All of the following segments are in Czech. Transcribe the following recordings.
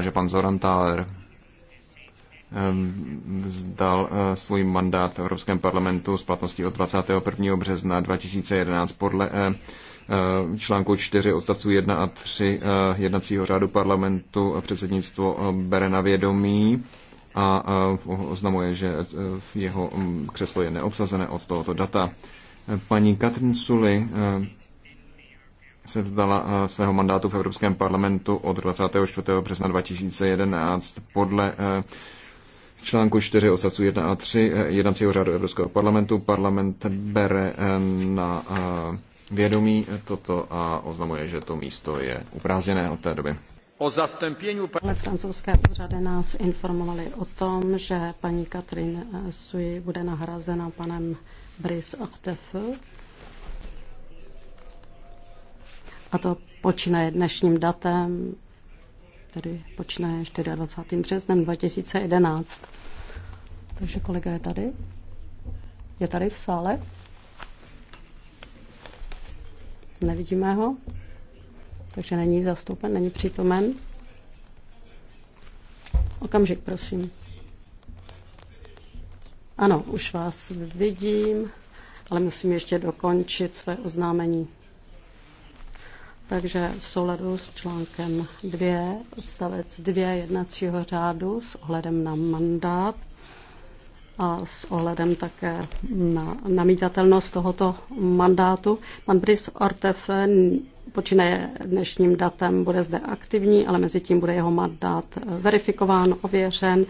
že pan Zoran Thaler zdal eh, svůj mandát v Evropském parlamentu s platností od 21. března 2011 podle eh, eh, článku 4 odstavců 1 a 3 jednacího řádu parlamentu předsednictvo bere na vědomí a oznamuje, že jeho mm, křeslo je neobsazené od tohoto data. Paní Katrin Suly se vzdala eh, svého mandátu v Evropském parlamentu od 24. března 2011 podle eh, článku 4 odstavců 1 a 3 eh, jednacího řádu Evropského parlamentu. Parlament bere na vědomí toto a oznamuje, že to místo je uprázněné od té doby. O zastempění... Ale francouzské úřady nás informovali o tom, že paní Katrin Sui bude nahrazena panem Brice Artefeu a to počínaje dnešním datem, tedy počínaje 24. březnem 2011. Takže kolega je tady? Je tady v sále? Nevidíme ho, takže není zastoupen, není přítomen. Okamžik, prosím. Ano, už vás vidím, ale musím ještě dokončit své oznámení. Takže v souladu s článkem 2, odstavec 2 jednacího řádu s ohledem na mandát a s ohledem také na namítatelnost tohoto mandátu, pan Brice Ortef počínaje dnešním datem, bude zde aktivní, ale mezi tím bude jeho mandát verifikován, ověřen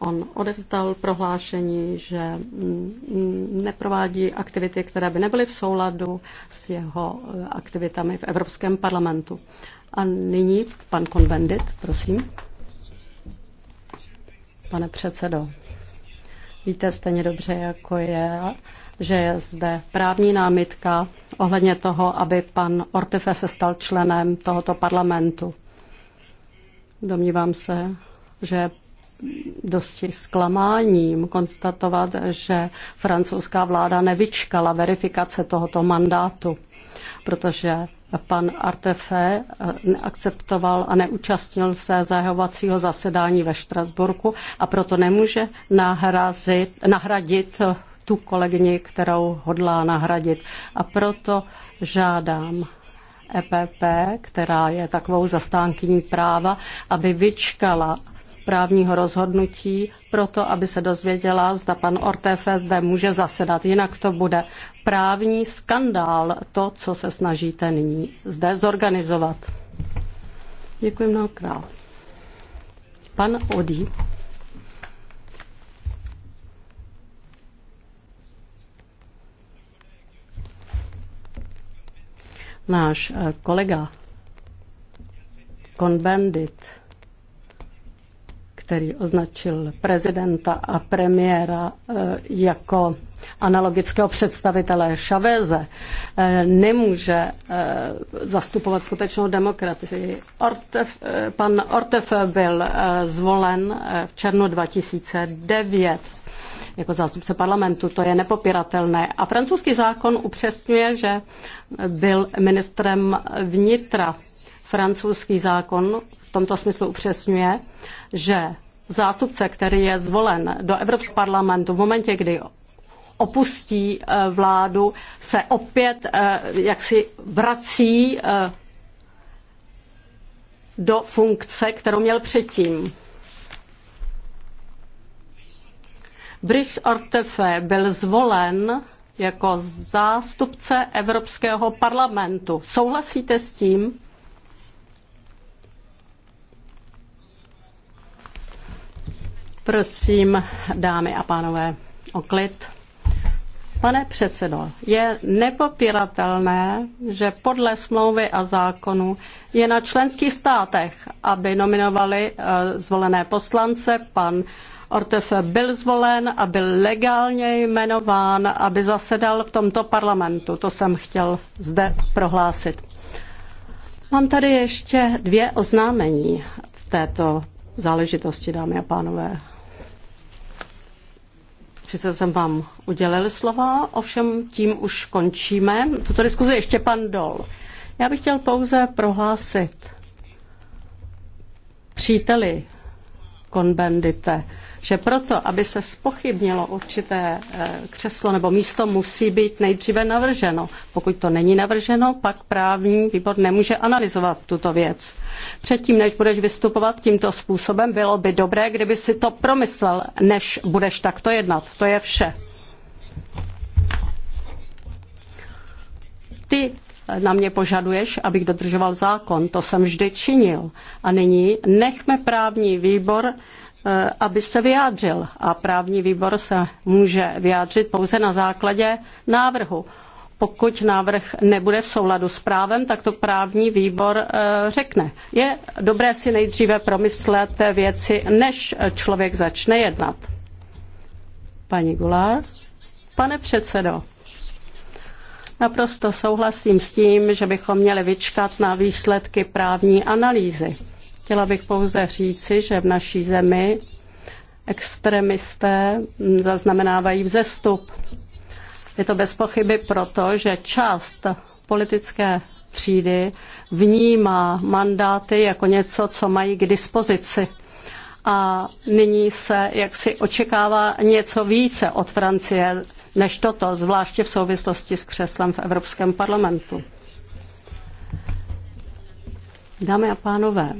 On odevzdal prohlášení, že neprovádí aktivity, které by nebyly v souladu s jeho eh, aktivitami v Evropském parlamentu. A nyní pan Konbendit, prosím. Pane předsedo, víte stejně dobře, jako je, že je zde právní námitka ohledně toho, aby pan Ortefe se stal členem tohoto parlamentu. Domnívám se, že dosti zklamáním konstatovat, že francouzská vláda nevyčkala verifikace tohoto mandátu, protože pan Artefe eh, neakceptoval a neúčastnil se zahovacího zasedání ve Štrasburku a proto nemůže nahrazit, nahradit tu kolegyni, kterou hodlá nahradit. A proto žádám EPP, která je takovou zastánkyní práva, aby vyčkala právního rozhodnutí proto, aby se dozvěděla, zda pan Ortefe zde může zasedat. Jinak to bude právní skandál, to, co se snažíte nyní zde zorganizovat. Děkuji mnohokrát. Pan Odí. Náš eh, kolega Konbendit který označil prezidenta a premiéra eh, jako analogického představitele Chaveze, eh, nemůže eh, zastupovat skutečnou demokracii. Ortef, pan Ortef byl zvolen v červnu 2009 jako zástupce parlamentu, to je nepopiratelné. A francouzský zákon upřesňuje, že byl ministrem vnitra. Francouzský zákon v tomto smyslu upřesňuje, že zástupce, který je zvolen do Evropského parlamentu v momentě, kdy opustí eh, vládu, se opět eh, jaksi vrací eh, do funkce, kterou měl předtím. Brice Ortefe byl zvolen jako zástupce Evropského parlamentu. Souhlasíte s tím? Prosím, dámy a pánové, o klid. Pane předsedo, je nepopiratelné, že podle smlouvy a zákonu je na členských státech, aby nominovali eh, zvolené poslance. Pan Ortef byl zvolen a byl legálně jmenován, aby zasedal v tomto parlamentu. To jsem chtěl zde prohlásit. Mám tady ještě dvě oznámení v této záležitosti, dámy a pánové. Sice jsem vám udělil slova, ovšem tím už končíme. Tuto diskuzi ještě pan Dol. Já bych chtěl pouze prohlásit příteli konbendite, že proto, aby se spochybnilo určité eh, křeslo nebo místo, musí být nejdříve navrženo. Pokud to není navrženo, pak právní výbor nemůže analyzovat tuto věc. Předtím, než budeš vystupovat tímto způsobem, bylo by dobré, kdyby si to promyslel, než budeš takto jednat. To je vše. Ty na mě požaduješ, abych dodržoval zákon. To jsem vždy činil. A nyní nechme právní výbor, eh, aby se vyjádřil. A právní výbor se může vyjádřit pouze na základě návrhu. Pokud návrh nebude v souladu s právem, tak to právní výbor eh, řekne. Je dobré si nejdříve promyslet věci, než člověk začne jednat. Paní Gulář, Pane předsedo, Naprosto souhlasím s tím, že bychom měli vyčkat na výsledky právní analýzy. Chtěla bych pouze říci, že v naší zemi extremisté zaznamenávají vzestup. Je to bez pochyby proto, že část politické třídy vnímá mandáty jako něco, co mají k dispozici. A nyní se jaksi očekává něco více od Francie než toto, zvláště v souvislosti s křeslem v Evropském parlamentu. Dámy a pánové,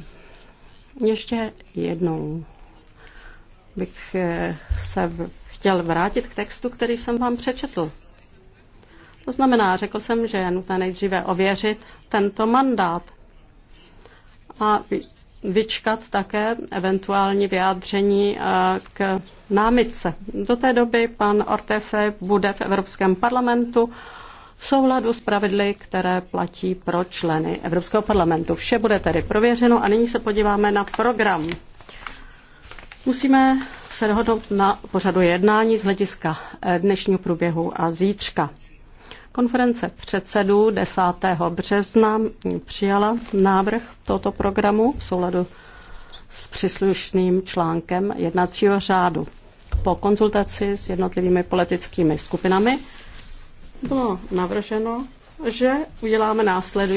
ještě jednou bych eh, se chtěl vrátit k textu, který jsem vám přečetl. To znamená, řekl jsem, že je nutné nejdříve ověřit tento mandát. A vyčkat také eventuální vyjádření eh, k námitce. Do té doby pan Ortefe bude v Evropském parlamentu v souladu s pravidly, které platí pro členy Evropského parlamentu. Vše bude tedy prověřeno a nyní se podíváme na program. Musíme se dohodnout na pořadu jednání z hlediska eh, dnešního průběhu a zítřka. Konference předsedů 10. března přijala návrh tohoto programu v souladu s příslušným článkem jednacího řádu. Po konzultaci s jednotlivými politickými skupinami bylo navrženo, že uděláme následující.